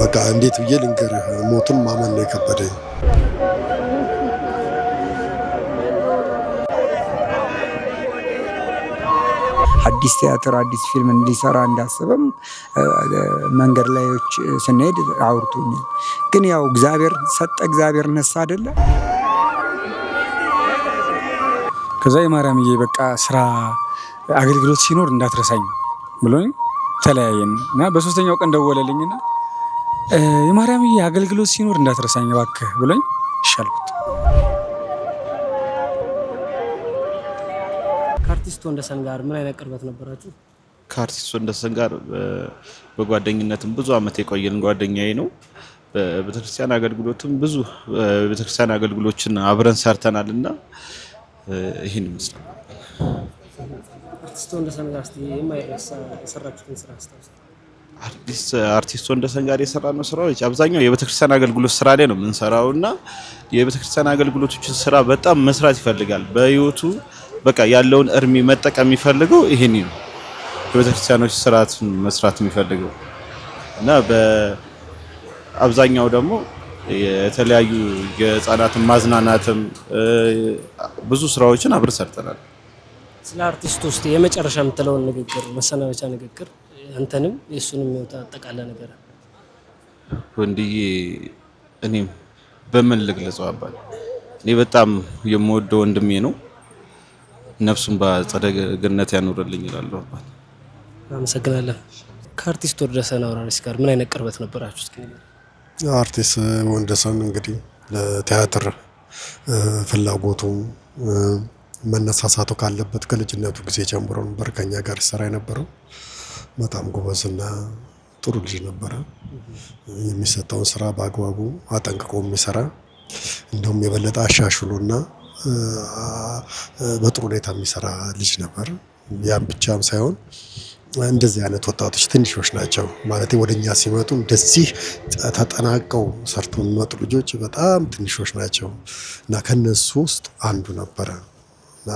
በቃ እንዴት ብዬ ልንገርህ፣ ሞቱን ማመን ነው የከበደኝ። አዲስ ቲያትር አዲስ ፊልም እንዲሰራ እንዳስበም መንገድ ላዮች ስንሄድ አውርቶኛል። ግን ያው እግዚአብሔር ሰጠ እግዚአብሔር ነሳ አይደለ። ከዛ የማርያምዬ በቃ ስራ አገልግሎት ሲኖር እንዳትረሳኝ ብሎኝ ተለያየን እና በሶስተኛው ቀን ደወለልኝና የማርያም አገልግሎት ሲኖር እንዳትረሳኝ እባክህ ብሎኝ እሺ አልኩት። ከአርቲስት ወንደሰን ጋር ምን አይነት ቅርበት ነበራችሁ? ከአርቲስት ወንደሰን ጋር በጓደኝነትም ብዙ ዓመት የቆየን ጓደኛዬ ነው። በቤተክርስቲያን አገልግሎትም ብዙ ቤተክርስቲያን አገልግሎችን አብረን ሰርተናል እና ይህን ይመስላል። አርቲስት ወንደሰን ጋር እስኪ የማይረሳ የሰራችሁትን ስራ አስታውሳለሁ። አርቲስት ወንደሰን ጋር የሰራ ነው ስራዎች አብዛኛው የቤተክርስቲያን አገልግሎት ስራ ላይ ነው የምንሰራው እና የቤተክርስቲያን አገልግሎቶችን ስራ በጣም መስራት ይፈልጋል። በህይወቱ በቃ ያለውን እርሚ መጠቀም የሚፈልገው ይሄን ነው። የቤተክርስቲያኖች ስርዓት መስራት የሚፈልገው እና በአብዛኛው ደግሞ የተለያዩ የህፃናትን ማዝናናትም ብዙ ስራዎችን አብረን ሰርተናል። ስለ አርቲስቱ ውስጥ የመጨረሻ የምትለውን ንግግር መሰናበቻ ንግግር አንተንም የእሱንም የሚወጣ አጠቃላይ ነገር ወንድዬ፣ እኔም በምን ልግለጸው አባል እኔ በጣም የምወደው ወንድሜ ነው። ነፍሱን በአጸደ ገነት ያኖርልኝ ይላለሁ አባል። አመሰግናለሁ። ከአርቲስት ወንደሰን አውራሪስ ጋር ምን አይነት ቅርበት ነበራችሁ? እስኪ አርቲስት ወንደሰን እንግዲህ ለቲያትር ፍላጎቱም መነሳሳቱ ካለበት ከልጅነቱ ጊዜ ጀምሮ ነበር ከኛ ጋር ሲሰራ የነበረው። በጣም ጎበዝና ጥሩ ልጅ ነበረ። የሚሰጠውን ስራ በአግባቡ አጠንቅቆ የሚሰራ እንደውም የበለጠ አሻሽሎና በጥሩ ሁኔታ የሚሰራ ልጅ ነበር። ያም ብቻም ሳይሆን እንደዚህ አይነት ወጣቶች ትንሾች ናቸው ማለት ወደ እኛ ሲመጡ እንደዚህ ተጠናቀው ሰርቶ የሚመጡ ልጆች በጣም ትንሾች ናቸው እና ከነሱ ውስጥ አንዱ ነበረ። እና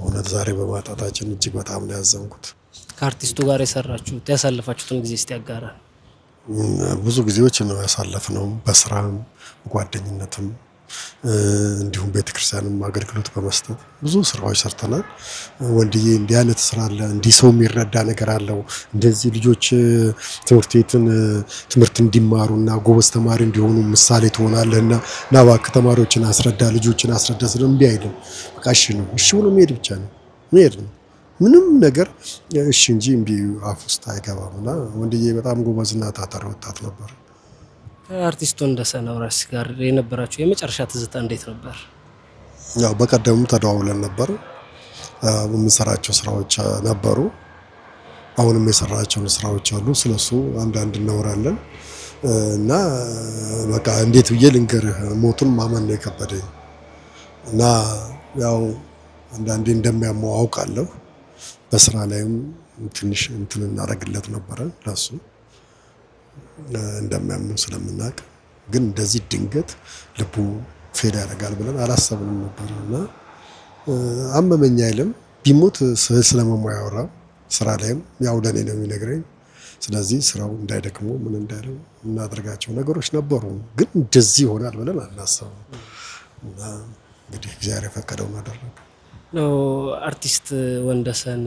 እውነት ዛሬ በማጣታችን እጅግ በጣም ነው ያዘንኩት። ከአርቲስቱ ጋር የሰራችሁት ያሳለፋችሁትን ጊዜ እስቲ ያጋራል። ብዙ ጊዜዎች ነው ያሳለፍነው፣ በስራም በጓደኝነትም እንዲሁም ቤተክርስቲያንም አገልግሎት በመስጠት ብዙ ስራዎች ሰርተናል። ወንድዬ እንዲህ አይነት ስራ አለ፣ እንዲህ ሰው የሚረዳ ነገር አለው፣ እንደዚህ ልጆች ትምህርት ቤትን ትምህርት እንዲማሩ እና ጎበዝ ተማሪ እንዲሆኑ ምሳሌ ትሆናለህ እና ና እባክህ ተማሪዎችን አስረዳ፣ ልጆችን አስረዳ ስለ እምቢ አይልም። በቃ እሺ ነው፣ እሺ ሆኖ መሄድ ብቻ ነው መሄድ ነው። ምንም ነገር እሺ እንጂ እምቢ አፍ ውስጥ አይገባም። እና ወንድዬ በጣም ጎበዝና ታታሪ ወጣት ነበር። ከአርቲስቱ እንደሰነው ራስ ጋር የነበራቸው የመጨረሻ ትዝታ እንዴት ነበር? ያው በቀደም ተደዋውለን ነበር። የምንሰራቸው ስራዎች ነበሩ። አሁንም የሰራቸውን ስራዎች አሉ። ስለሱ አንዳንድ እናወራለን እና በቃ እንዴት ብዬ ልንገርህ፣ ሞቱን ማመን ነው የከበደኝ እና ያው አንዳንዴ እንደሚያመው አውቃለሁ። በስራ ላይም ትንሽ እንትን እናደርግለት ነበረ ለሱ እንደሚያምን ስለምናውቅ ግን እንደዚህ ድንገት ልቡ ፌል ያደርጋል ብለን አላሰብንም ነበር እና አመመኝ አይልም። ቢሞት ስዕል ስለመሞ ያወራ ስራ ላይም ያው ለእኔ ነው የሚነግረኝ። ስለዚህ ስራው እንዳይደክሞ ምን እንዳይለው እናደርጋቸው ነገሮች ነበሩ፣ ግን እንደዚህ ይሆናል ብለን አናሰብም እና እንግዲህ እግዚአብሔር የፈቀደውን አደረገ። አርቲስት ወንደሰን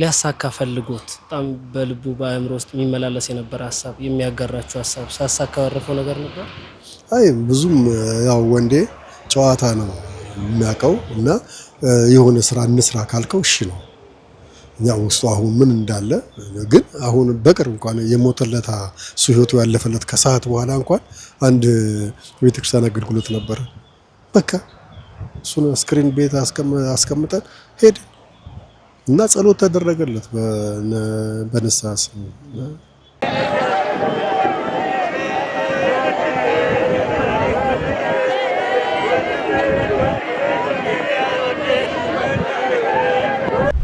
ሊያሳካ ፈልጎት በጣም በልቡ በአእምሮ ውስጥ የሚመላለስ የነበረ ሀሳብ የሚያጋራችሁ ሀሳብ ሳሳካ ያረፈው ነገር ነበር? አይ ብዙም ያው ወንዴ ጨዋታ ነው የሚያውቀው እና የሆነ ስራ እንስራ ካልከው እሺ ነው። እኛ ውስጡ አሁን ምን እንዳለ ግን አሁን በቅርብ እንኳን የሞተለታ እሱ ህይወቱ ያለፈለት ከሰዓት በኋላ እንኳን አንድ ቤተክርስቲያን አገልግሎት ነበረ። በቃ እሱን ስክሪን ቤት አስቀምጠን ሄድን። እና ጸሎት ተደረገለት በንስሐ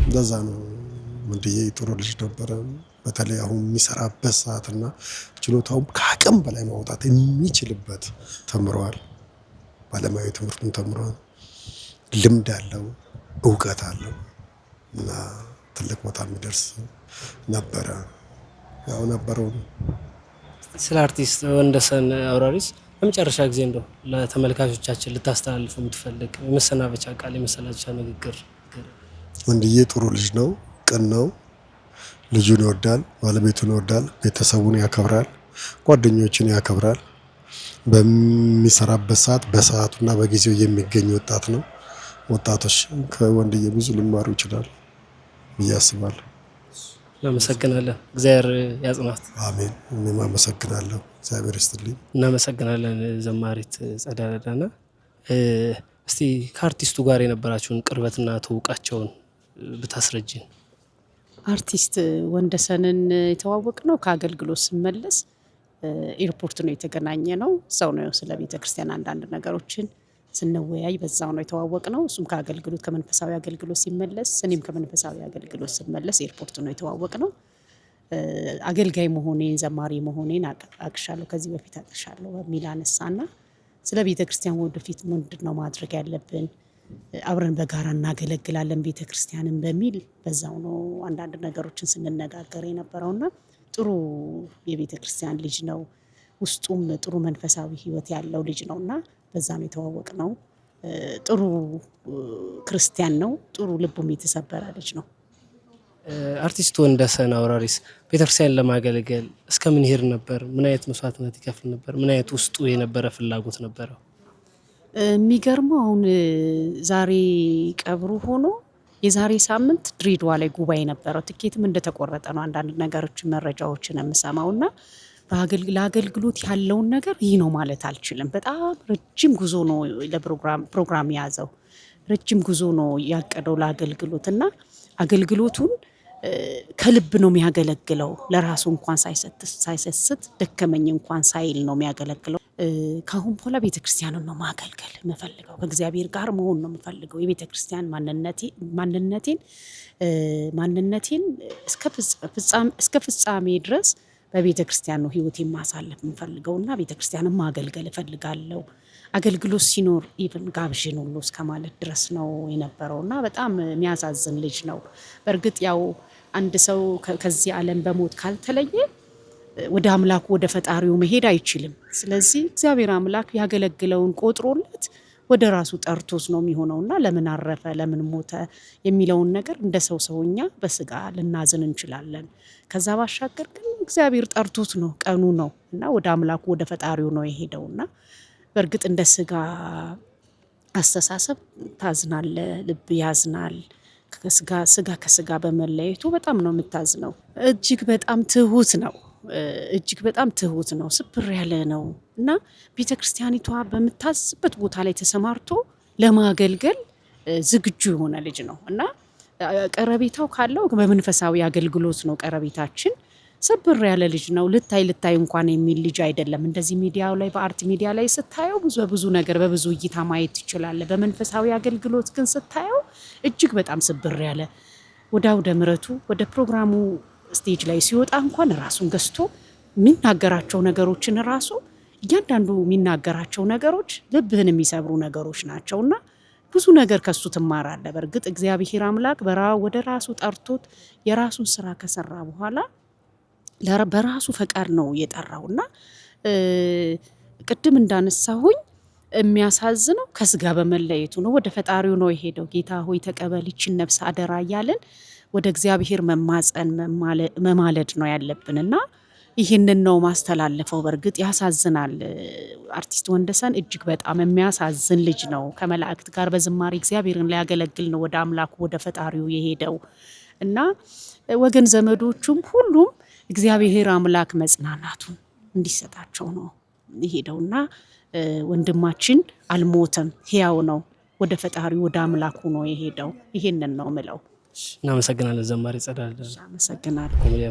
እንደዛ ነው። ወንድዬ ጥሩ ልጅ ነበረ። በተለይ አሁን የሚሰራበት ሰዓትና ችሎታውም ከአቅም በላይ ማውጣት የሚችልበት ተምረዋል። ባለሙያዊ ትምህርቱን ተምረዋል። ልምድ አለው፣ እውቀት አለው። እና ትልቅ ቦታ የሚደርስ ነበረ። ያው ነበረው። ስለ አርቲስት ወንደሰን አውራሪስ በመጨረሻ ጊዜ እንደው ለተመልካቾቻችን ልታስተላልፉ የምትፈልግ የመሰናበቻ ቃል፣ የመሰናበቻ ንግግር? ወንድዬ ጥሩ ልጅ ነው፣ ቅን ነው፣ ልጁን ይወዳል፣ ባለቤቱን ይወዳል፣ ቤተሰቡን ያከብራል፣ ጓደኞችን ያከብራል። በሚሰራበት ሰዓት በሰዓቱና በጊዜው የሚገኝ ወጣት ነው። ወጣቶች ከወንድዬ ብዙ ሊማሩ ይችላል። ብዬ አስባለሁ። እናመሰግናለን። እግዚአብሔር ያጽናት። አሜን። እኔም አመሰግናለሁ። እግዚአብሔር ይስጥልኝ። እናመሰግናለን። ዘማሪት ጸዳለ ዳና፣ እስቲ ከአርቲስቱ ጋር የነበራችሁን ቅርበትና ትውውቃቸውን ብታስረጅን። አርቲስት ወንደሰንን የተዋወቅ ነው ከአገልግሎት ስመለስ ኤርፖርት ነው የተገናኘ ነው። ሰው ነው ስለ ቤተክርስቲያን አንዳንድ ነገሮችን ስንወያይ በዛው ነው የተዋወቅ ነው። እሱም ከአገልግሎት ከመንፈሳዊ አገልግሎት ሲመለስ፣ እኔም ከመንፈሳዊ አገልግሎት ስመለስ ኤርፖርት ነው የተዋወቅ ነው። አገልጋይ መሆኔን ዘማሪ መሆኔን አቅሻለሁ፣ ከዚህ በፊት አቅሻለሁ በሚል አነሳና ስለ ቤተ ክርስቲያን ወደፊት ምንድን ነው ማድረግ ያለብን አብረን በጋራ እናገለግላለን ቤተ ክርስቲያንን በሚል በዛው ነው አንዳንድ ነገሮችን ስንነጋገር የነበረውና ጥሩ የቤተ ክርስቲያን ልጅ ነው። ውስጡም ጥሩ መንፈሳዊ ህይወት ያለው ልጅ ነውና በዛም የተዋወቅ ነው። ጥሩ ክርስቲያን ነው። ጥሩ ልቡም የተሰበረ ልጅ ነው። አርቲስት ወንደሰን አውራሪስ ቤተክርስቲያን ለማገልገል እስከ ምን ይሄድ ነበር? ምን አይነት መስዋዕትነት ይከፍል ነበር? ምን አይነት ውስጡ የነበረ ፍላጎት ነበረው? የሚገርመው አሁን ዛሬ ቀብሩ ሆኖ የዛሬ ሳምንት ድሬዳዋ ላይ ጉባኤ ነበረው። ትኬትም እንደተቆረጠ ነው አንዳንድ ነገሮች መረጃዎችን እና ለአገልግሎት ያለውን ነገር ይህ ነው ማለት አልችልም። በጣም ረጅም ጉዞ ነው ለፕሮግራም የያዘው ረጅም ጉዞ ነው ያቀደው ለአገልግሎት እና አገልግሎቱን ከልብ ነው የሚያገለግለው። ለራሱ እንኳን ሳይሰስት ደከመኝ እንኳን ሳይል ነው የሚያገለግለው። ከአሁን በኋላ ቤተክርስቲያንን ነው ማገልገል የምፈልገው። ከእግዚአብሔር ጋር መሆን ነው የምፈልገው። የቤተክርስቲያን ማንነቴን ማንነቴን እስከ ፍጻሜ ድረስ በቤተ ክርስቲያን ነው ህይወት የማሳለፍ የምፈልገው እና ቤተ ክርስቲያንም ማገልገል እፈልጋለሁ። አገልግሎት ሲኖር ኢቭን ጋብዥን ሁሉ እስከ ማለት ድረስ ነው የነበረው እና በጣም የሚያሳዝን ልጅ ነው። በእርግጥ ያው አንድ ሰው ከዚህ ዓለም በሞት ካልተለየ ወደ አምላኩ ወደ ፈጣሪው መሄድ አይችልም። ስለዚህ እግዚአብሔር አምላክ ያገለግለውን ቆጥሮለት ወደ ራሱ ጠርቶት ነው የሚሆነውና ለምን አረፈ ለምን ሞተ የሚለውን ነገር እንደ ሰው ሰውኛ በስጋ ልናዝን እንችላለን። ከዛ ባሻገር ግን እግዚአብሔር ጠርቶት ነው ቀኑ ነው እና ወደ አምላኩ ወደ ፈጣሪው ነው የሄደው እና በእርግጥ እንደ ስጋ አስተሳሰብ ታዝናለ፣ ልብ ያዝናል። ስጋ ከስጋ በመለየቱ በጣም ነው የምታዝነው። እጅግ በጣም ትሁት ነው እጅግ በጣም ትሁት ነው። ስብር ያለ ነው እና ቤተ ክርስቲያኒቷ በምታዝበት ቦታ ላይ ተሰማርቶ ለማገልገል ዝግጁ የሆነ ልጅ ነው እና ቀረቤታው ካለው በመንፈሳዊ አገልግሎት ነው ቀረቤታችን ስብር ያለ ልጅ ነው። ልታይ ልታይ እንኳን የሚል ልጅ አይደለም። እንደዚህ ሚዲያው ላይ በአርት ሚዲያ ላይ ስታየው ብዙ በብዙ ነገር በብዙ እይታ ማየት ትችላለህ። በመንፈሳዊ አገልግሎት ግን ስታየው እጅግ በጣም ስብር ያለ ወደ አውደ ምረቱ ወደ ፕሮግራሙ ስቴጅ ላይ ሲወጣ እንኳን ራሱን ገዝቶ የሚናገራቸው ነገሮችን ራሱ እያንዳንዱ የሚናገራቸው ነገሮች ልብህን የሚሰብሩ ነገሮች ናቸው እና ብዙ ነገር ከሱ ትማራለህ። በእርግጥ እግዚአብሔር አምላክ በራ ወደ ራሱ ጠርቶት የራሱን ስራ ከሰራ በኋላ በራሱ ፈቃድ ነው የጠራው እና ቅድም እንዳነሳሁኝ የሚያሳዝነው ከስጋ በመለየቱ ነው። ወደ ፈጣሪው ነው የሄደው። ጌታ ሆይ ተቀበል ይችን ነፍስ አደራ እያለን ወደ እግዚአብሔር መማፀን መማለድ ነው ያለብን እና ይህንን ነው ማስተላለፈው። በእርግጥ ያሳዝናል። አርቲስት ወንደሰን እጅግ በጣም የሚያሳዝን ልጅ ነው። ከመላእክት ጋር በዝማሬ እግዚአብሔርን ሊያገለግል ነው ወደ አምላኩ ወደ ፈጣሪው የሄደው እና ወገን ዘመዶቹም ሁሉም እግዚአብሔር አምላክ መጽናናቱን እንዲሰጣቸው ነው የሄደውና ወንድማችን አልሞተም፣ ሕያው ነው። ወደ ፈጣሪ ወደ አምላኩ ነው የሄደው። ይሄንን ነው ምለው። እናመሰግናለን። ዘማሪ ጸዳለ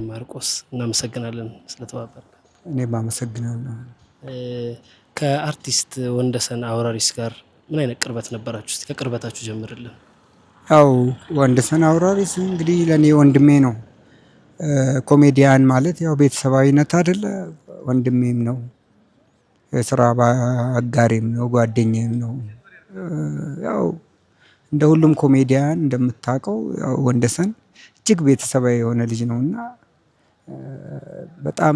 ማርቆስ እናመሰግናለን ስለተባበር። እኔም አመሰግናለሁ። ከአርቲስት ወንደሰን አውራሪስ ጋር ምን አይነት ቅርበት ነበራችሁ? ከቅርበታችሁ ጀምርልን። ያው ወንደሰን አውራሪስ እንግዲህ ለእኔ ወንድሜ ነው ኮሜዲያን ማለት ያው ቤተሰባዊነት አይደለ ወንድሜም ነው የስራ አጋሪም ነው ጓደኛም ነው። ያው እንደ ሁሉም ኮሜዲያን እንደምታውቀው ወንደሰን እጅግ ቤተሰባዊ የሆነ ልጅ ነው እና በጣም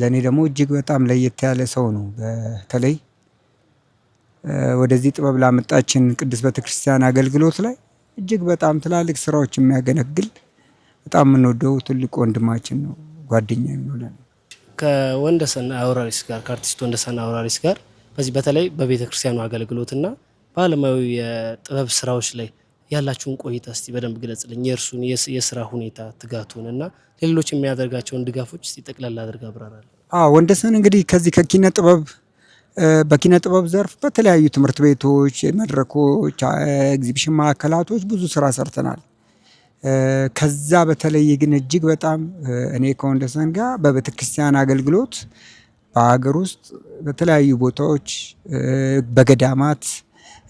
ለእኔ ደግሞ እጅግ በጣም ለየት ያለ ሰው ነው። በተለይ ወደዚህ ጥበብ ላመጣችን ቅድስት ቤተክርስቲያን አገልግሎት ላይ እጅግ በጣም ትላልቅ ስራዎች የሚያገለግል በጣም የምንወደው ትልቅ ወንድማችን ነው፣ ጓደኛ የሚሆነን ከወንደሰን አውራሪስ ጋር ከአርቲስት ወንደሰን አውራሪስ ጋር በዚህ በተለይ በቤተ ክርስቲያኑ አገልግሎትና በአለማዊ የጥበብ ስራዎች ላይ ያላችሁን ቆይታ እስቲ በደንብ ግለጽልኝ። የእርሱን የስራ ሁኔታ ትጋቱን እና ሌሎች የሚያደርጋቸውን ድጋፎች እስቲ ጠቅላላ አድርጋ አብራራል። ወንደሰን እንግዲህ ከዚህ ከኪነ ጥበብ በኪነ ጥበብ ዘርፍ በተለያዩ ትምህርት ቤቶች፣ መድረኮች፣ ኤግዚቢሽን ማዕከላቶች ብዙ ስራ ሰርተናል። ከዛ በተለየ ግን እጅግ በጣም እኔ ከወንደሰን ጋር በቤተክርስቲያን አገልግሎት በሀገር ውስጥ በተለያዩ ቦታዎች በገዳማት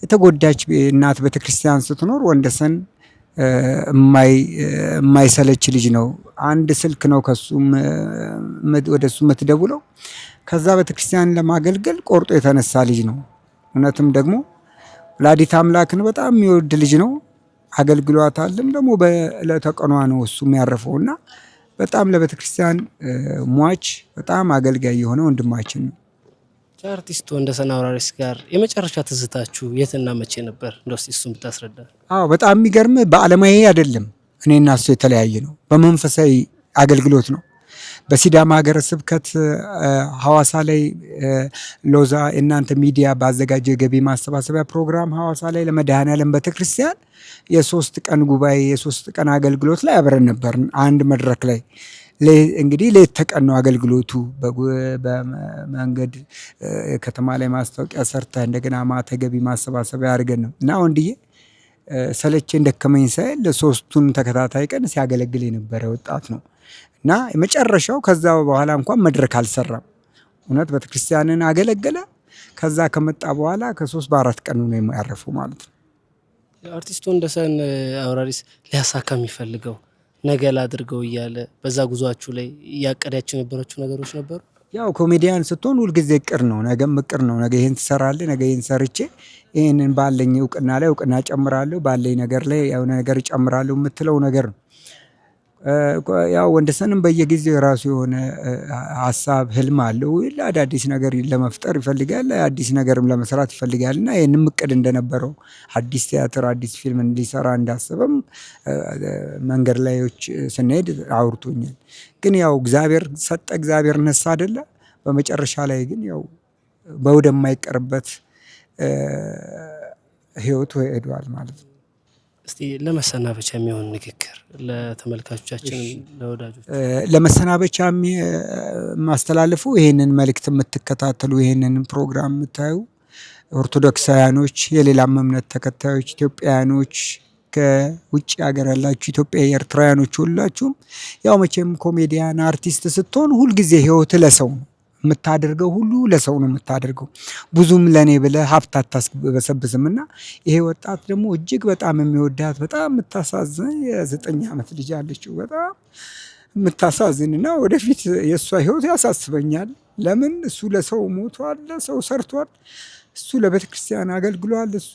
የተጎዳች እናት ቤተክርስቲያን ስትኖር ወንደሰን የማይሰለች ልጅ ነው። አንድ ስልክ ነው ከእሱም ወደ እሱ የምትደውለው ከዛ ቤተክርስቲያን ለማገልገል ቆርጦ የተነሳ ልጅ ነው። እውነትም ደግሞ ወላዲተ አምላክን በጣም የሚወድ ልጅ ነው አገልግሏታልም ደግሞ በዕለተ ቀኗ ነው እሱ የሚያርፈው እና በጣም ለቤተክርስቲያን ሟች በጣም አገልጋይ የሆነ ወንድማችን ነው። ከአርቲስት ወንደሰን አውራሪስ ጋር የመጨረሻ ትዝታችሁ የትና መቼ ነበር? እንደ እስቲ እሱን ብታስረዳ። አዎ በጣም የሚገርም በዓለማዊ አይደለም እኔና እሱ የተለያየ ነው። በመንፈሳዊ አገልግሎት ነው በሲዳማ ሀገረ ስብከት ሐዋሳ ላይ ሎዛ እናንተ ሚዲያ ባዘጋጀ የገቢ ማሰባሰቢያ ፕሮግራም ሐዋሳ ላይ ለመድኃኔዓለም ቤተክርስቲያን የሶስት ቀን ጉባኤ የሶስት ቀን አገልግሎት ላይ አብረን ነበር አንድ መድረክ ላይ እንግዲህ ሌት ተቀን ነው አገልግሎቱ። በመንገድ ከተማ ላይ ማስታወቂያ ሰርተ እንደገና ማተ ገቢ ማሰባሰቢያ አድርገን ነው እና ወንድዬ ሰለቼ እንደከመኝ ሳይል ለሶስቱን ተከታታይ ቀን ሲያገለግል የነበረ ወጣት ነው። እና የመጨረሻው ከዛ በኋላ እንኳን መድረክ አልሰራም። እውነት ቤተክርስቲያንን አገለገለ። ከዛ ከመጣ በኋላ ከሶስት በአራት ቀኑ ነው የሚያረፉ ማለት ነው። አርቲስቱ ወንደሰን አውራሪስ ሊያሳካ የሚፈልገው ነገ ላድርገው እያለ በዛ ጉዟችሁ ላይ እያቀዳችሁ የነበራችሁ ነገሮች ነበሩ? ያው ኮሜዲያን ስትሆን ሁልጊዜ እቅድ ነው። ነገም እቅድ ነው። ነገ ይህን ትሰራለህ፣ ነገ ይህን ሰርቼ ይህንን ባለኝ እውቅና ላይ እውቅና ጨምራለሁ፣ ባለኝ ነገር ላይ የሆነ ነገር እጨምራለሁ የምትለው ነገር ነው። ያው ወንደሰንም በየጊዜው የራሱ የሆነ ሀሳብ ህልም አለው አዳዲስ ነገር ለመፍጠር ይፈልጋል አዲስ ነገርም ለመስራት ይፈልጋል እና ይሄንም እቅድ እንደነበረው አዲስ ቲያትር አዲስ ፊልም እንዲሰራ እንዳሰበም መንገድ ላዮች ስንሄድ አውርቶኛል። ግን ያው እግዚአብሔር ሰጠ እግዚአብሔር ነሳ አይደለ በመጨረሻ ላይ ግን ያው በወደማይቀርበት ህይወቱ ሄዷል ማለት ነው እስቲ ለመሰናበቻ የሚሆን ንግግር ለተመልካቾቻችን ለወዳጆች ለመሰናበቻ የማስተላልፉ ይህንን መልእክት የምትከታተሉ ይህንን ፕሮግራም የምታዩ ኦርቶዶክሳውያኖች፣ የሌላም እምነት ተከታዮች፣ ኢትዮጵያውያኖች፣ ከውጭ ሀገር ያላችሁ ኢትዮጵያ ኤርትራውያኖች ሁላችሁም ያው መቼም ኮሜዲያን አርቲስት ስትሆን ሁልጊዜ ህይወት ለሰው ነው የምታደርገው ሁሉ ለሰው ነው የምታደርገው ብዙም ለኔ ብለህ ሀብት አታስበሰብስም። እና ይሄ ወጣት ደግሞ እጅግ በጣም የሚወዳት በጣም የምታሳዝን የዘጠኝ አመት ልጅ አለችው። በጣም የምታሳዝን እና ወደፊት የእሷ ህይወት ያሳስበኛል። ለምን እሱ ለሰው ሞቷል፣ ለሰው ሰርቷል። እሱ ለቤተክርስቲያን አገልግሏል፣ እሱ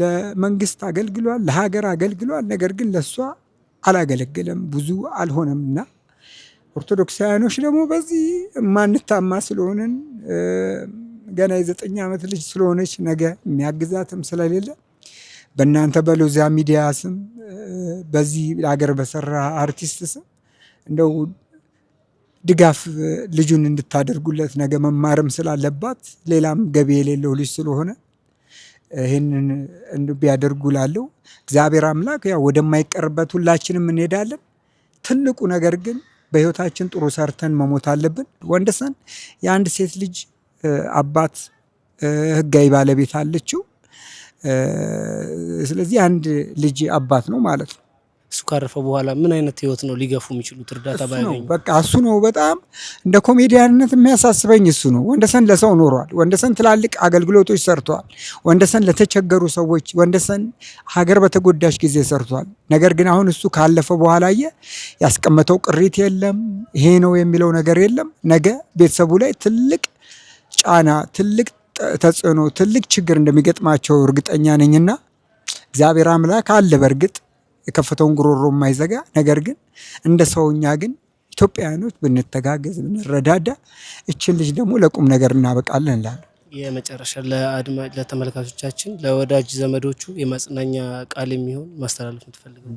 ለመንግስት አገልግሏል፣ ለሀገር አገልግሏል። ነገር ግን ለእሷ አላገለገለም፣ ብዙ አልሆነም ና። ኦርቶዶክሳውያኖች ደግሞ በዚህ ማንታማ ስለሆንን ገና የዘጠኝ ዓመት ልጅ ስለሆነች ነገ የሚያግዛትም ስለሌለ በእናንተ በሎዛ ሚዲያ ስም በዚህ ሀገር በሰራ አርቲስት ስም እንደው ድጋፍ ልጁን እንድታደርጉለት ነገ መማርም ስላለባት ሌላም ገቢ የሌለው ልጅ ስለሆነ ይህንን ቢያደርጉ ላለው እግዚአብሔር አምላክ ያው ወደማይቀርበት ሁላችንም እንሄዳለን። ትልቁ ነገር ግን በህይወታችን ጥሩ ሰርተን መሞት አለብን። ወንደሰን የአንድ ሴት ልጅ አባት ህጋዊ ባለቤት አለችው። ስለዚህ አንድ ልጅ አባት ነው ማለት ነው። እሱ ካረፈ በኋላ ምን አይነት ህይወት ነው ሊገፉ የሚችሉት? እርዳታ ባያገኙ በቃ እሱ ነው በጣም እንደ ኮሜዲያንነት የሚያሳስበኝ እሱ ነው። ወንደሰን ለሰው ኖሯል። ወንደሰን ትላልቅ አገልግሎቶች ሰርቷል። ወንደሰን ለተቸገሩ ሰዎች፣ ወንደሰን ሀገር በተጎዳሽ ጊዜ ሰርቷል። ነገር ግን አሁን እሱ ካለፈ በኋላ የ ያስቀመጠው ቅሪት የለም፣ ይሄ ነው የሚለው ነገር የለም። ነገ ቤተሰቡ ላይ ትልቅ ጫና፣ ትልቅ ተጽዕኖ፣ ትልቅ ችግር እንደሚገጥማቸው እርግጠኛ ነኝና እግዚአብሔር አምላክ አለ በእርግጥ የከፈተውን ጉሮሮ የማይዘጋ ነገር ግን እንደ ሰውኛ ግን ኢትዮጵያውያኖች ብንተጋገዝ ብንረዳዳ እችን ልጅ ደግሞ ለቁም ነገር እናበቃለን እላለሁ። የመጨረሻ ለተመልካቾቻችን ለወዳጅ ዘመዶቹ የማጽናኛ ቃል የሚሆን ማስተላለፍ የምትፈልገው?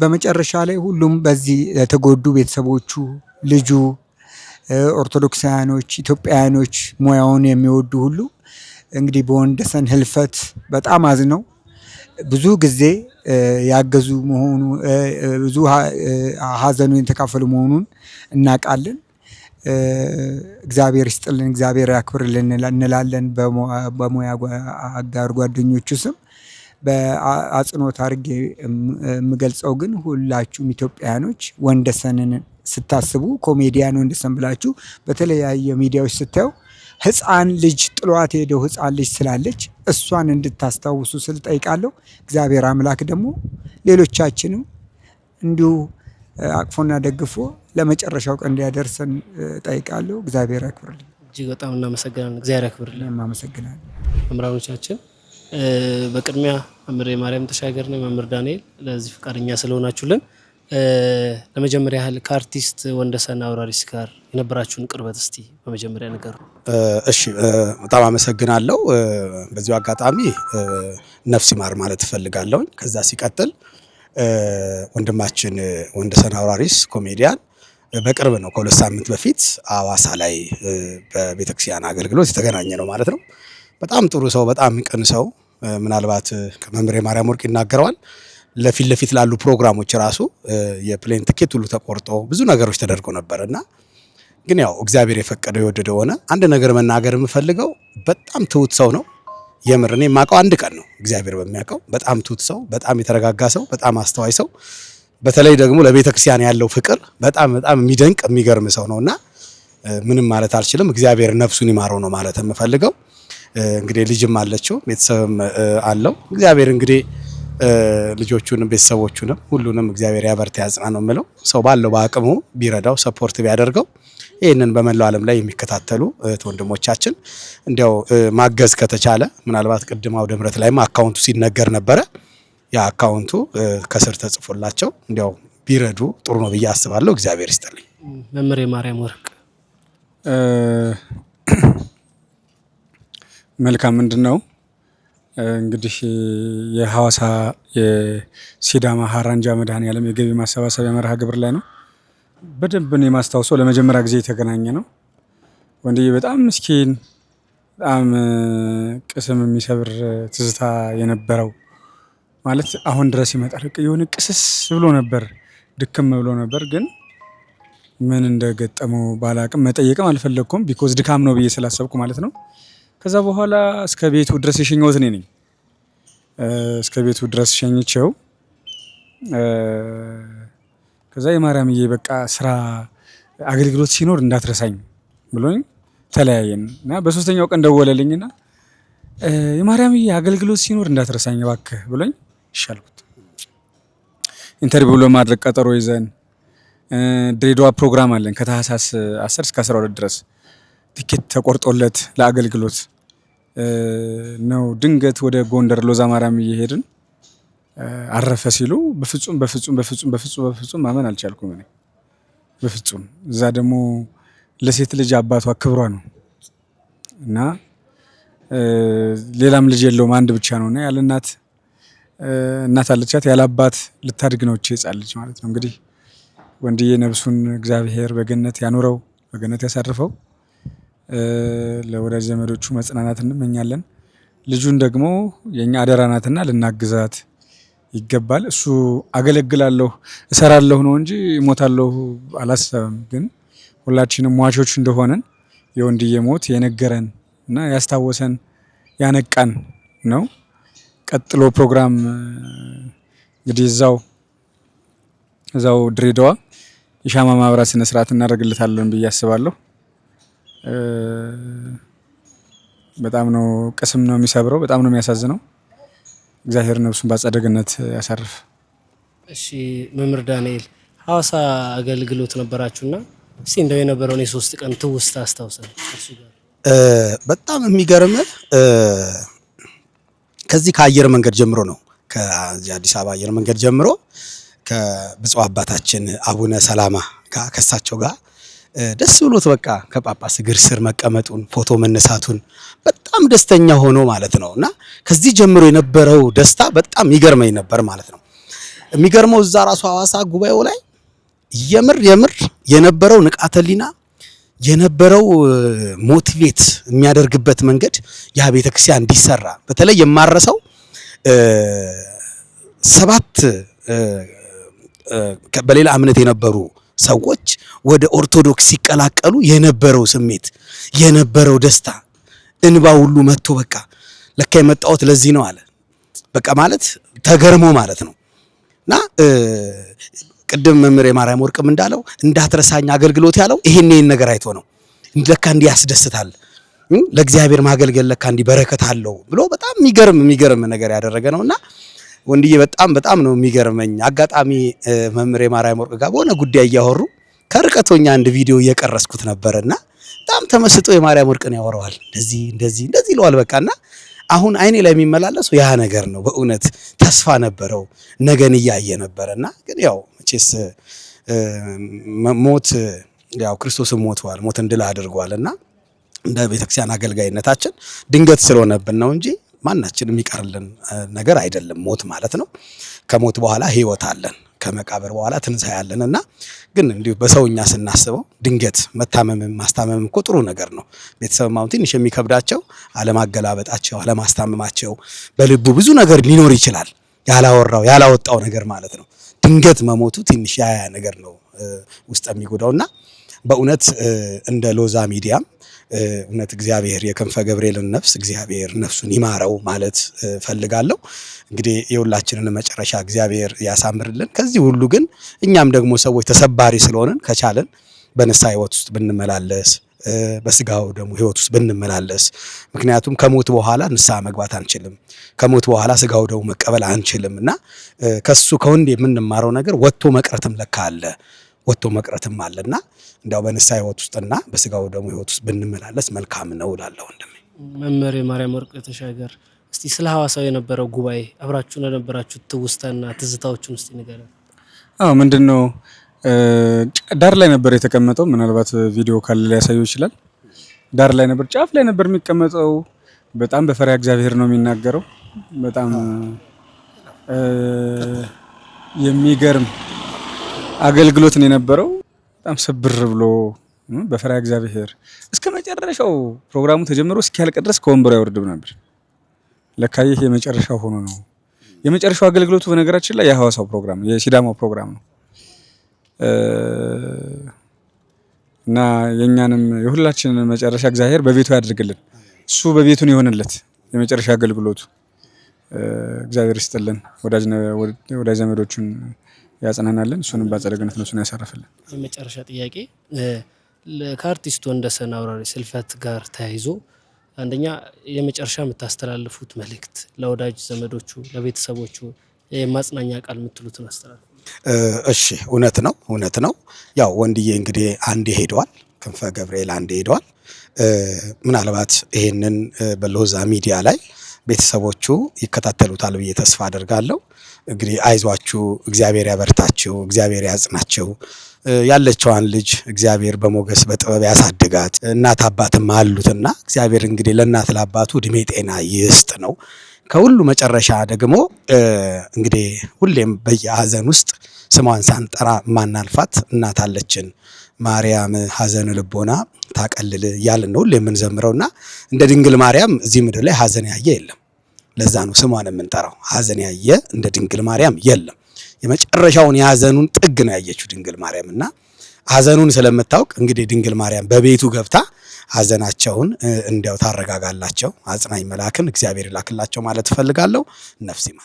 በመጨረሻ ላይ ሁሉም በዚህ የተጎዱ ቤተሰቦቹ፣ ልጁ፣ ኦርቶዶክሳውያኖች፣ ኢትዮጵያውያኖች ሙያውን የሚወዱ ሁሉ እንግዲህ በወንደሰን ህልፈት በጣም አዝነው ብዙ ጊዜ ያገዙ መሆኑ ብዙ ሀዘኑን የተካፈሉ መሆኑን እናውቃለን። እግዚአብሔር ይስጥልን እግዚአብሔር ያክብርልን እንላለን በሙያ አጋር ጓደኞቹ ስም በአጽንኦት አድርጌ የምገልጸው ግን ሁላችሁም ኢትዮጵያውያኖች ወንደሰንን ስታስቡ ኮሜዲያን ወንደሰን ብላችሁ በተለያየ ሚዲያዎች ስታዩ ህፃን ልጅ ጥሏት ሄደው ህፃን ልጅ ስላለች እሷን እንድታስታውሱ ስል ጠይቃለሁ። እግዚአብሔር አምላክ ደግሞ ሌሎቻችንም እንዲሁ አቅፎና ደግፎ ለመጨረሻው ቀን እንዲያደርሰን ጠይቃለሁ። እግዚአብሔር ያክብርልን። እጅግ በጣም እናመሰግናለን። እግዚአብሔር ያክብርልን። እናመሰግናለን። መምህራኖቻችን በቅድሚያ መምህር የማርያም ተሻገር ነው፣ መምህር ዳንኤል ለዚህ ፈቃደኛ ስለሆናችሁልን ለመጀመሪያ ያህል ከአርቲስት ወንደሰን አውራሪስ ጋር የነበራችሁን ቅርበት እስቲ በመጀመሪያ ነገር። እሺ በጣም አመሰግናለሁ። በዚሁ አጋጣሚ ነፍስ ይማር ማለት እፈልጋለሁኝ። ከዛ ሲቀጥል ወንድማችን ወንድሰን አውራሪስ ኮሜዲያን በቅርብ ነው ከሁለት ሳምንት በፊት አዋሳ ላይ በቤተክርስቲያን አገልግሎት የተገናኘ ነው ማለት ነው። በጣም ጥሩ ሰው፣ በጣም ቅን ሰው ምናልባት ከመምሬ ማርያም ወርቅ ይናገረዋል ለፊት ለፊት ላሉ ፕሮግራሞች ራሱ የፕሌን ትኬት ሁሉ ተቆርጦ ብዙ ነገሮች ተደርጎ ነበር እና ግን ያው እግዚአብሔር የፈቀደው የወደደው ሆነ። አንድ ነገር መናገር የምፈልገው በጣም ትሁት ሰው ነው። የምር እኔ የማውቀው አንድ ቀን ነው እግዚአብሔር በሚያውቀው። በጣም ትሁት ሰው፣ በጣም የተረጋጋ ሰው፣ በጣም አስተዋይ ሰው፣ በተለይ ደግሞ ለቤተ ክርስቲያን ያለው ፍቅር በጣም በጣም የሚደንቅ የሚገርም ሰው ነው እና ምንም ማለት አልችልም። እግዚአብሔር ነፍሱን ይማረው ነው ማለት የምፈልገው። እንግዲህ ልጅም አለችው ቤተሰብም አለው። እግዚአብሔር እንግዲህ ልጆቹንም ቤተሰቦቹንም ሁሉንም እግዚአብሔር ያበርታ ያጽና ነው የምለው። ሰው ባለው በአቅሙ ቢረዳው ሰፖርት ቢያደርገው ይህንን በመላው ዓለም ላይ የሚከታተሉ እህት ወንድሞቻችን እንዲያው ማገዝ ከተቻለ ምናልባት ቅድም አውደ ምረት ላይም አካውንቱ ሲነገር ነበረ። የአካውንቱ አካውንቱ ከስር ተጽፎላቸው እንዲያው ቢረዱ ጥሩ ነው ብዬ አስባለሁ። እግዚአብሔር ይስጥልኝ። መምህር የማርያም ወርቅ መልካም ምንድን ነው እንግዲህ የሐዋሳ የሲዳማ ሀራንጃ መድኃኔ የገቢ ማሰባሰቢያ መርሃ ግብር ላይ ነው በደንብ ነው የማስታውሰው። ለመጀመሪያ ጊዜ የተገናኘ ነው። ወንድዬ በጣም ምስኪን፣ በጣም ቅስም የሚሰብር ትዝታ የነበረው ማለት አሁን ድረስ ይመጣል። የሆነ ቅስስ ብሎ ነበር፣ ድክም ብሎ ነበር። ግን ምን እንደገጠመው ባላቅም መጠየቅም አልፈለግኩም፣ ቢኮዝ ድካም ነው ብዬ ስላሰብኩ ማለት ነው። ከዛ በኋላ እስከ ቤቱ ድረስ የሸኘሁት እኔ ነኝ። እስከ ቤቱ ድረስ ሸኝቼው ከዛ የማርያምዬ በቃ ስራ አገልግሎት ሲኖር እንዳትረሳኝ ብሎኝ ተለያየን እና በሶስተኛው ቀን ደወለልኝና የማርያምዬ አገልግሎት ሲኖር እንዳትረሳኝ እባክህ ብሎኝ ይሻልኩት ኢንተርቪው ለማድረግ ቀጠሮ ይዘን ድሬዳዋ ፕሮግራም አለን ከታህሳስ 10 እስከ 12 ድረስ ትኬት ተቆርጦለት ለአገልግሎት ነው። ድንገት ወደ ጎንደር ሎዛ ማርያም እየሄድን አረፈ ሲሉ በፍጹም በፍጹም በፍጹም በፍጹም በፍጹም ማመን አልቻልኩም። እኔ በፍጹም እዛ ደግሞ ለሴት ልጅ አባቷ ክብሯ ነው እና ሌላም ልጅ የለውም አንድ ብቻ ነው እና ያለ እናት እናት አለቻት ያለ አባት ልታድግ ነው እቺ ሕፃን ልጅ ማለት ነው። እንግዲህ ወንድዬ ነብሱን እግዚአብሔር በገነት ያኖረው በገነት ያሳርፈው። ለወዳጅ ዘመዶቹ መጽናናት እንመኛለን። ልጁን ደግሞ የኛ አደራ ናትና ልናግዛት ይገባል። እሱ አገለግላለሁ እሰራለሁ ነው እንጂ ሞታለሁ አላሰብም። ግን ሁላችንም ሟቾች እንደሆነን የወንድዬ ሞት የነገረን እና ያስታወሰን ያነቃን ነው። ቀጥሎ ፕሮግራም እንግዲህ እዛው እዛው ድሬዳዋ የሻማ ማብራት ስነስርዓት ስርዓት እናደርግለታለን ብዬ አስባለሁ። በጣም ነው ቅስም ነው የሚሰብረው፣ በጣም ነው የሚያሳዝነው። እግዚአብሔር ነብሱን በአጸደ ገነት ያሳርፍ። እሺ መምህር ዳንኤል ሐዋሳ አገልግሎት ነበራችሁና እስቲ እንደው የነበረውን የሶስት ቀን ትውስታ አስታውሰን። በጣም የሚገርም ከዚህ ከአየር መንገድ ጀምሮ ነው አዲስ አበባ አየር መንገድ ጀምሮ ከብፁዕ አባታችን አቡነ ሰላማ ጋር ከሳቸው ጋር ደስ ብሎት በቃ ከጳጳስ እግር ስር መቀመጡን ፎቶ መነሳቱን በጣም ደስተኛ ሆኖ ማለት ነው። እና ከዚህ ጀምሮ የነበረው ደስታ በጣም ይገርመኝ ነበር ማለት ነው። የሚገርመው እዛ ራሱ ሐዋሳ ጉባኤው ላይ የምር የምር የነበረው ንቃተ ሕሊና የነበረው ሞቲቬት የሚያደርግበት መንገድ ያ ቤተክርስቲያን እንዲሰራ በተለይ የማረሰው ሰባት በሌላ እምነት የነበሩ ሰዎች ወደ ኦርቶዶክስ ሲቀላቀሉ የነበረው ስሜት የነበረው ደስታ እንባ ሁሉ መጥቶ በቃ ለካ የመጣሁት ለዚህ ነው አለ። በቃ ማለት ተገርሞ ማለት ነው። እና ቅድም መምህር የማርያም ወርቅም እንዳለው እንዳትረሳኝ አገልግሎት ያለው ይሄን ይህን ነገር አይቶ ነው። ለካ እንዲህ ያስደስታል፣ ለእግዚአብሔር ማገልገል ለካ እንዲህ በረከት አለው ብሎ በጣም የሚገርም የሚገርም ነገር ያደረገ ነውና ወንድዬ በጣም በጣም ነው የሚገርመኝ። አጋጣሚ መምህር የማርያም ወርቅ ጋር በሆነ ጉዳይ እያወሩ ከርቀቶኛ አንድ ቪዲዮ እየቀረስኩት ነበርና በጣም ተመስጦ የማርያም ወርቅን ያወራዋል። እንደዚህ እንደዚህ እንደዚህ ይለዋል በቃና አሁን አይኔ ላይ የሚመላለሱ ያ ነገር ነው። በእውነት ተስፋ ነበረው ነገን እያየ ነበረና ግን ያው መቼስ ሞት ያው ክርስቶስን ሞቷል፣ ሞትን ድል አድርጓልና እንደ ቤተክርስቲያን አገልጋይነታችን ድንገት ስለሆነብን ነው እንጂ ማናችን የሚቀርልን ነገር አይደለም ሞት ማለት ነው። ከሞት በኋላ ህይወት አለን፣ ከመቃብር በኋላ ትንሣኤ አለን እና ግን እንዲሁ በሰውኛ ስናስበው ድንገት መታመምም ማስታመምም እኮ ጥሩ ነገር ነው። ቤተሰብ ማሁን ትንሽ የሚከብዳቸው አለማገላበጣቸው፣ አለማስታመማቸው በልቡ ብዙ ነገር ሊኖር ይችላል። ያላወራው ያላወጣው ነገር ማለት ነው። ድንገት መሞቱ ትንሽ ያያ ነገር ነው ውስጥ የሚጎዳውና በእውነት እንደ ሎዛ ሚዲያም እውነት እግዚአብሔር የክንፈ ገብርኤልን ነፍስ እግዚአብሔር ነፍሱን ይማረው ማለት ፈልጋለሁ። እንግዲህ የሁላችንን መጨረሻ እግዚአብሔር ያሳምርልን። ከዚህ ሁሉ ግን እኛም ደግሞ ሰዎች ተሰባሪ ስለሆንን ከቻለን በንስሐ ሕይወት ውስጥ ብንመላለስ በስጋው ደግሞ ህይወት ውስጥ ብንመላለስ። ምክንያቱም ከሞት በኋላ ንስሐ መግባት አንችልም። ከሞት በኋላ ስጋው ደግሞ መቀበል አንችልም እና ከሱ ከወንድ የምንማረው ነገር ወጥቶ መቅረትም ለካ አለ። ወጥቶ መቅረትም አለና እንዲያው በንሳ ህይወት ውስጥና በስጋው ደግሞ ህይወት ውስጥ ብንመላለስ መልካም ነው እላለሁ። ወንድሜ መምህር የማርያም ወርቅ ተሻገር እስቲ ስለ ሐዋሳው የነበረው ጉባኤ አብራችሁ ለነበራችሁ ትውስታና ትዝታዎችን ውስጥ ንገረን። አዎ ምንድን ነው ዳር ላይ ነበር የተቀመጠው። ምናልባት ቪዲዮ ካለ ሊያሳዩ ይችላል። ዳር ላይ ነበር፣ ጫፍ ላይ ነበር የሚቀመጠው። በጣም በፈሪያ እግዚአብሔር ነው የሚናገረው። በጣም የሚገርም አገልግሎት ነው የነበረው። በጣም ስብር ብሎ በፈራ እግዚአብሔር እስከ መጨረሻው ፕሮግራሙ ተጀምሮ እስኪያልቅ ድረስ ከወንበሩ አይወርድም ነበር። ለካ ይህ የመጨረሻው ሆኖ ነው። የመጨረሻው አገልግሎቱ በነገራችን ላይ የሐዋሳው ፕሮግራም የሲዳማው ፕሮግራም ነው እና የእኛንም የሁላችንን መጨረሻ እግዚአብሔር በቤቱ ያድርግልን። እሱ በቤቱን የሆነለት የመጨረሻ አገልግሎቱ እግዚአብሔር ይስጥልን ወዳጅ ዘመዶቹን ያጽናናለን። እሱንም በአጸደ ገነት ነፍሱን ያሳርፍልን። የመጨረሻ ጥያቄ ከአርቲስት ወንደሰን አውራሪ ስልፈት ጋር ተያይዞ አንደኛ የመጨረሻ የምታስተላልፉት መልእክት ለወዳጅ ዘመዶቹ፣ ለቤተሰቦቹ የማጽናኛ ቃል የምትሉትን አስተላልፉ። እሺ፣ እውነት ነው እውነት ነው። ያው ወንድዬ እንግዲህ አንዴ ሄደዋል፣ ክንፈ ገብርኤል አንዴ ሄደዋል። ምናልባት ይሄንን በሎዛ ሚዲያ ላይ ቤተሰቦቹ ይከታተሉታል ብዬ ተስፋ አደርጋለሁ። እንግዲህ አይዟችሁ፣ እግዚአብሔር ያበርታችሁ፣ እግዚአብሔር ያጽናችሁ። ያለችዋን ልጅ እግዚአብሔር በሞገስ በጥበብ ያሳድጋት። እናት አባትም አሉትና እግዚአብሔር እንግዲህ ለእናት ለአባቱ እድሜ ጤና ይስጥ ነው። ከሁሉ መጨረሻ ደግሞ እንግዲህ ሁሌም በየሀዘን ውስጥ ስሟን ሳንጠራ ማናልፋት እናት አለችን። ማርያም ሐዘን ልቦና ታቀልል እያልን ነው ሁሉ የምንዘምረው እና እንደ ድንግል ማርያም እዚህ ምድር ላይ ሐዘን ያየ የለም። ለዛ ነው ስሟን የምንጠራው። ሐዘን ያየ እንደ ድንግል ማርያም የለም። የመጨረሻውን የሐዘኑን ጥግ ነው ያየችው ድንግል ማርያም እና ሐዘኑን ስለምታውቅ እንግዲህ ድንግል ማርያም በቤቱ ገብታ ሐዘናቸውን እንዲያው ታረጋጋላቸው። አጽናኝ መልአክን እግዚአብሔር ይላክላቸው ማለት እፈልጋለሁ። ነፍስ ይማር